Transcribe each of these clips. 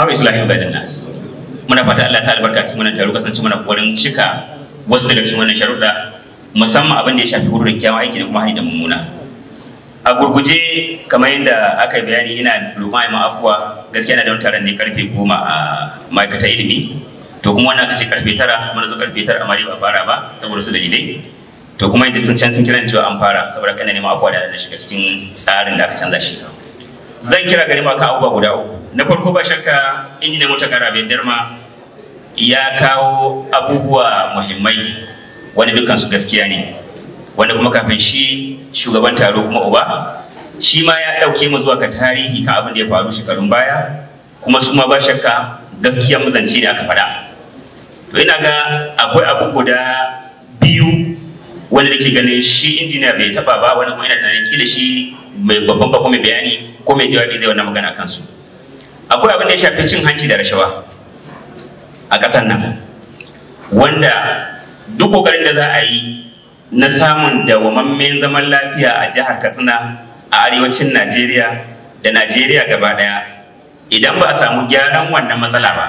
aw islahin bainan nas muna fata Allah ya sa albarka cikin wannan taro kasance muna kokarin cika wasu daga cikin wannan sharuɗa musamman abin da ya shafi hururin kyawun aiki da kuma hani da mummuna a gurguje kamar yadda aka yi bayani ina roƙon ayi afuwa gaskiya na da wani taron ne karfe goma a ma'aikatar ilimi to kuma wannan kace karfe tara muna zo karfe tara amma ba fara ba saboda su dalilai to kuma yadda sun can sun kiran cewa an fara saboda kai na neman afuwa da na shiga cikin tsarin da aka canza shi zan kira gari maka akan abubuwa guda uku na farko ba shakka injinin mota kara bai darma ya kawo abubuwa muhimmai wani dukansu gaskiya ne wanda kuma kafin shi shugaban taro kuma uba shi ma ya ɗauke mu zuwa ka tarihi ka abin da ya faru shekarun baya kuma su ma ba shakka gaskiya zance da aka faɗa to ina ga akwai abu guda biyu wanda nake ganin shi injiniya bai taba ba wani kuma ina da kila shi mai babban bako mai bayani ko mai jawabi zai wannan magana kansu su akwai abin da ya shafi cin hanci da rashawa a ƙasar nan wanda duk ƙoƙarin da za a yi na samun dawamammen zaman lafiya a jihar katsina a arewacin najeriya da najeriya gaba ɗaya idan ba a samu gyaran wannan matsala ba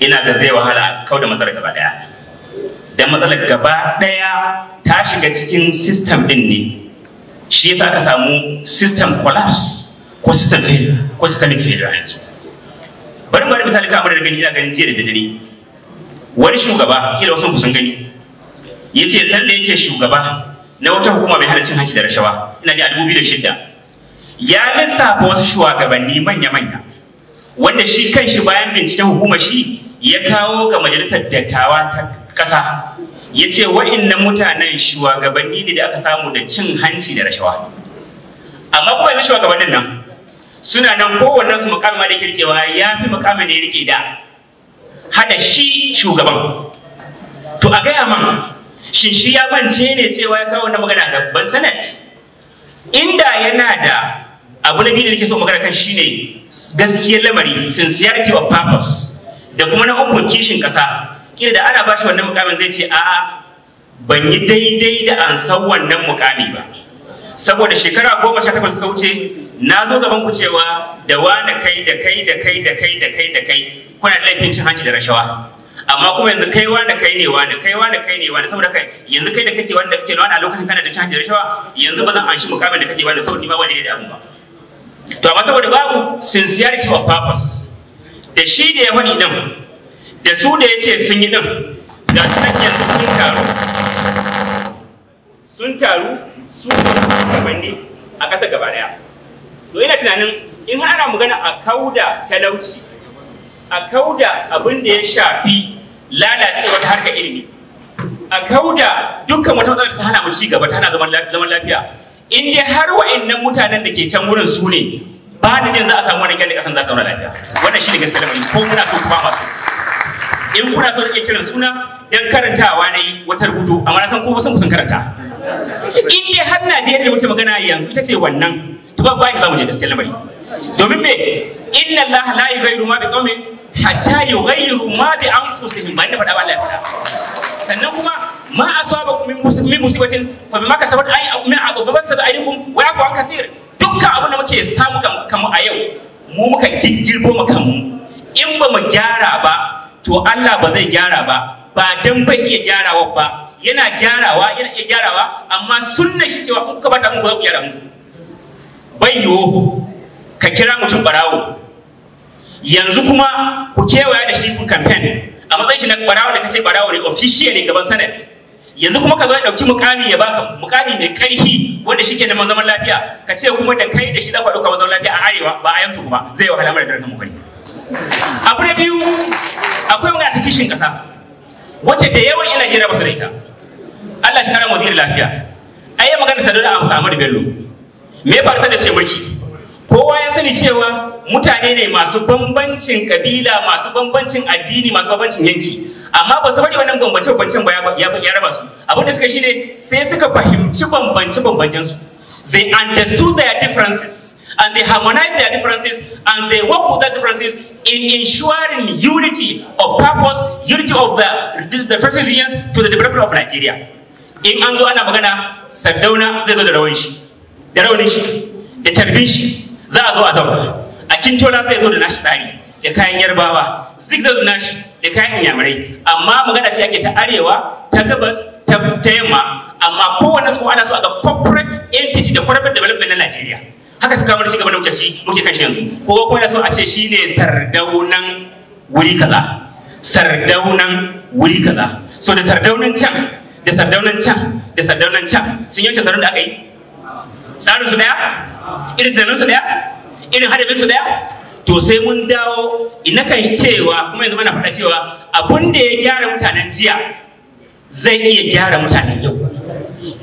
ina ga zai wahala kau da matsalar gaba ɗaya da matsalar gaba ɗaya ta shiga cikin sistem ɗin ne shi yasa aka samu system collapse ko system failure ko yanzu bari bari misali ka amurka gani ina ganin jiya da dare wani shugaba kila wasu sun gani ya ce sanda yake shugaba na wata hukuma mai hana cin hanci da rashawa ina ji a dubu biyu da shidda ya lissafa wasu shugabanni manya-manya wanda shi kan shi bayan binciken hukuma shi ya kawo ga majalisar dattawa ta ƙasa ya ce wa'innan mutanen shugabanni ne da aka samu da cin hanci da rashawa amma kuma yanzu shugabannin nan suna nan kowannen su makama da kirkewa ya fi mukamin da ya rike da hada shi shugaban to a gaya man shin shi ya bance ne cewa ya kawo wannan magana gaban sanad? inda yana da abu na biyu da nake so magana kan shine gaskiyar lamari sincerity of purpose da kuma na uku kishin kasa kila da ana bashi wannan mukamin zai ce a'a ban yi daidai da an san wannan mukami ba saboda shekara goma sha takwas suka wuce na zo gaban ku cewa da wane kai da kai da kai da kai da kai da kai kuna da laifin cin hanci da rashawa amma kuma yanzu kai wane kai ne wane kai wane kai ne wane saboda kai yanzu kai da kake wanda kake wani a lokacin kana da cin hanci da rashawa yanzu ba zan anshi mukamin da kake wani saboda ni ba wani da abun ba to amma saboda babu sincerity of purpose da shi da ya faɗi din da su da ya ce sun yi din ga su nan yanzu sun taru sun taru su ne gabanni a ƙasa gaba ɗaya to ina tunanin in ana magana a kauda talauci a kauda abin da ya shafi lalacewar harkar ilimi a kauda dukkan wata matsala ta hana mu ci gaba ta hana zaman lafiya in dai har wa'annan mutanen da ke can wurin su ne ba da jin za a samu wani gyara da kasan za su zauna lafiya wannan shi ne gaskiya lamarin ko muna so kuma masu in kuna so iya kiran suna dan karantawa na yi wata rubutu amma na san ko sun karanta in dai har Najeriya da muke magana yanzu ita ce wannan tuba ba bayan zamu je gaskiyar lamari domin me inna Allah la yughayyiru ma biqaumin hatta yughayyiru ma bi anfusihim ba inda fada ba Allah ya faɗa sannan kuma ma asabakum min musibatin fa bima kasabat ay min ababat sabat aykum wa yafu an kathir dukkan abin da muke samu kanmu a yau mu muka giggirbo mu in ba mu gyara ba to Allah ba zai gyara ba ba dan bai iya gyarawa ba yana gyarawa yana iya gyarawa amma sunna shi cewa in kuka bata mu ba ku gyara mu bayyo ka kira mutum barawo yanzu kuma ku kewaya da shi ku campaign a matsayin shi na barawo da kace barawo ne official ne gaban senate yanzu kuma ka zo dauki mukami ya baka mukami mai karfi wanda shike da zaman lafiya ka ce kuma da kai da shi za ku dauka zaman lafiya a arewa ba a yanzu kuma zai wahala mara darajar mukami abu na biyu akwai wani ta kishin kasa wacce da yawan ina jira ba su da ita Allah shi kara mu lafiya ayi magana sadar da amsa Ahmad Bello me ba da ce waki kowa ya sani cewa mutane ne masu bambancin kabila masu bambancin addini masu bambancin yanki amma ba su bari wannan bambance bambancen ba ya raba su abin da suka shine sai suka fahimci bambance bambancen su they understood their differences and they harmonized their differences and they work with their differences in ensuring unity of purpose unity of the first regions to the development of Nigeria in an zo ana magana Sardauna zai zo da rawan shi da raunin shi da tarbin shi za a zo a zauna a kintola zai zo da nashi tsari da kayan yarbawa zigzag nashi da kayan inyamurai amma magana ce ake ta arewa ta gabas ta yamma amma kowanne su ana so a ga corporate entity da corporate development na Najeriya haka su kamar shi gaba muke ci muke kashi yanzu kowa ko yana so a ce shine sardaunan wuri kaza sardaunan wuri kaza so da sardaunan can da sardaunan can da sardaunan can sun yanke sardaunan da aka yi tsarin su daya irin zanen su daya irin hadabin su daya to sai mun dawo ina kan cewa kuma yanzu mana faɗa cewa abun da ya gyara mutanen jiya zai iya gyara mutanen yau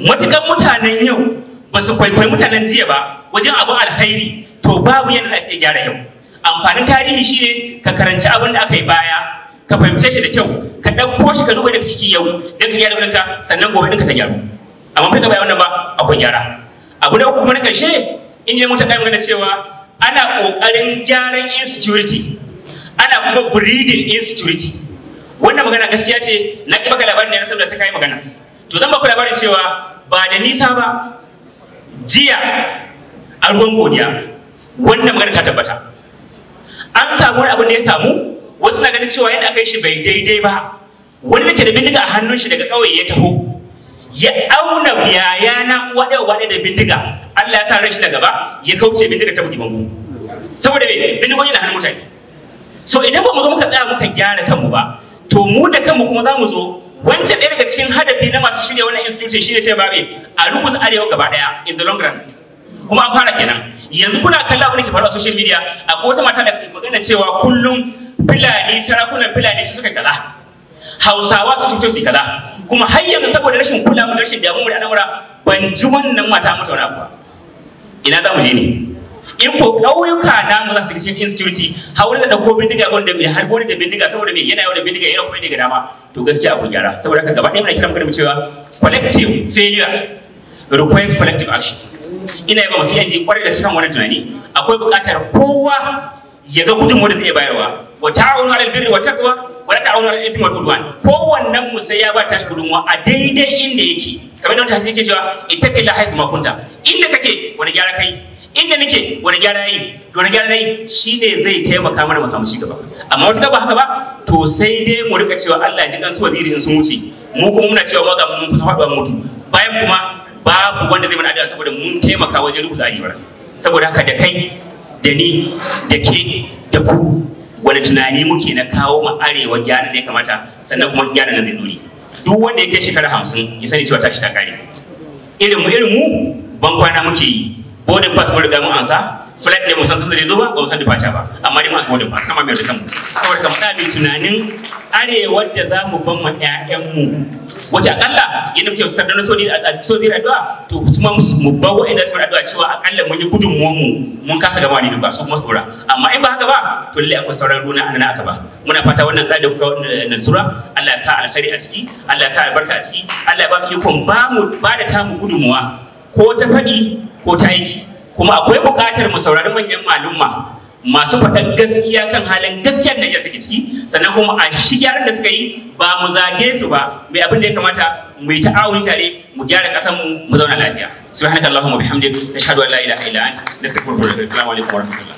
matukan mutanen yau ba su kwaikwayi mutanen jiya ba wajen abun alkhairi to babu yadda za su iya gyara yau amfanin tarihi shi ne ka karanci abin da aka yi baya ka fahimce shi da kyau ka ɗauko shi ka duba da ciki yau don ka gyara ɗinka sannan gobe ɗinka ta gyaru amma ka bai wannan ba akwai gyara abu na uku kuma na ƙarshe in je mutum ɗaya magana cewa ana ƙoƙarin gyaran insecurity ana kuma breeding insecurity wannan magana gaskiya ce na ƙi baka labarin ne na saboda sai kai magana to zan baku labarin cewa ba da nisa ba jiya a ruwan godiya wannan magana ta tabbata an samu wani abin da ya samu wasu na ganin cewa yadda aka yi shi bai daidai ba wani da ke da bindiga a hannun shi daga kawai ya taho ya auna yayana waɗe waɗe da bindiga Allah ya sa ran shi da gaba ya kauce bindiga ta bugi bango saboda me bindigoji na hannun mutane so idan ba mu zo muka tsaya muka gyara kanmu ba to mu da kanmu kuma za mu zo wance ɗaya daga cikin hadafi na masu shirya wannan institution shine ce babe a rubuta arewa gaba daya in the long run kuma an fara kenan yanzu kuna kalla abin da ke faruwa a social media akwai wata mata da magana cewa kullum fulani sarakunan fulani su suka kaza hausawa su cuto su kaza kuma har yanzu saboda rashin kula da rashin damu da al'amura ban ji wannan mata mata wani abu ina za mu je ne in ko ƙauyuka na mu za su cikin insecurity haure da ko bindiga gon da har gon da bindiga saboda me yana yau da bindiga yana kuma ne ga dama to gaskiya akwai gyara saboda haka gaba ɗaya muna kiran mu cewa collective failure requires collective action ina yaba masu yanzu kwarai da sukan wani tunani akwai buƙatar kowa ya ga gudunmu da zai bayarwa wa ta'awunu alal birri wa taqwa wala ta auna ifin wal udwan ko mu sai ya ba tashi gudunmuwa a daidai inda yake kamar da wata ke cewa ita haythu ma kunta inda kake wani gyara kai inda nake wani gyara yi wani gyara yi shine zai taimaka mana mu samu ci gaba amma wata ba haka ba to sai dai mu rika cewa Allah ya ji kan su waziri in sun wuce mu kuma muna cewa ga mun kusa faɗuwa mutu bayan kuma babu wanda zai mana addu'a saboda mun taimaka wajen rubuta ayyuka saboda haka da kai da ni da ke da ku wani tunani muke na kawo mu arewa gyaran da ya kamata sannan kuma gyaran da zai dore duk wanda ya kai shekara hamsin ya sani cewa tashi ta kare irin mu irin mu ban kwana muke yi boarding pass mun riga mun ansa flight ne mun san san da zo ba ba mu san ba amma dai masu ansa boarding pass kama mai da kanmu saboda kamar da tunanin arewa da za mu ban mu ƴaƴanmu wace akalla ya nufi fitar da so zira addu'a to ma mu ba inda su addu'a cewa akalla mun yi gudunmuwan mu mun kasa gama ne duka su kuma tsora amma in ba haka ba to lalle akwai sauran runa a aka ba muna fata wannan tsari da kuka wannan sura Allah ya sa alkhairi a ciki Allah ya sa albarka a ciki Allah ya ba mu ba mu ba da mu gudunmuwa ko ta faɗi ko ta aiki kuma akwai buƙatar mu saurari manyan malumma masu faɗan gaskiya kan halin gaskiyar Najeriya take ciki sannan kuma a shi gyaran da suka yi ba mu zage su ba mai abin da ya kamata mu yi ta'awuni tare mu gyara ƙasar mu mu zauna lafiya subhanakallahumma bihamdik nashhadu an la ilaha illa anta nastaghfiruka wa atubu ilaik rahmatullah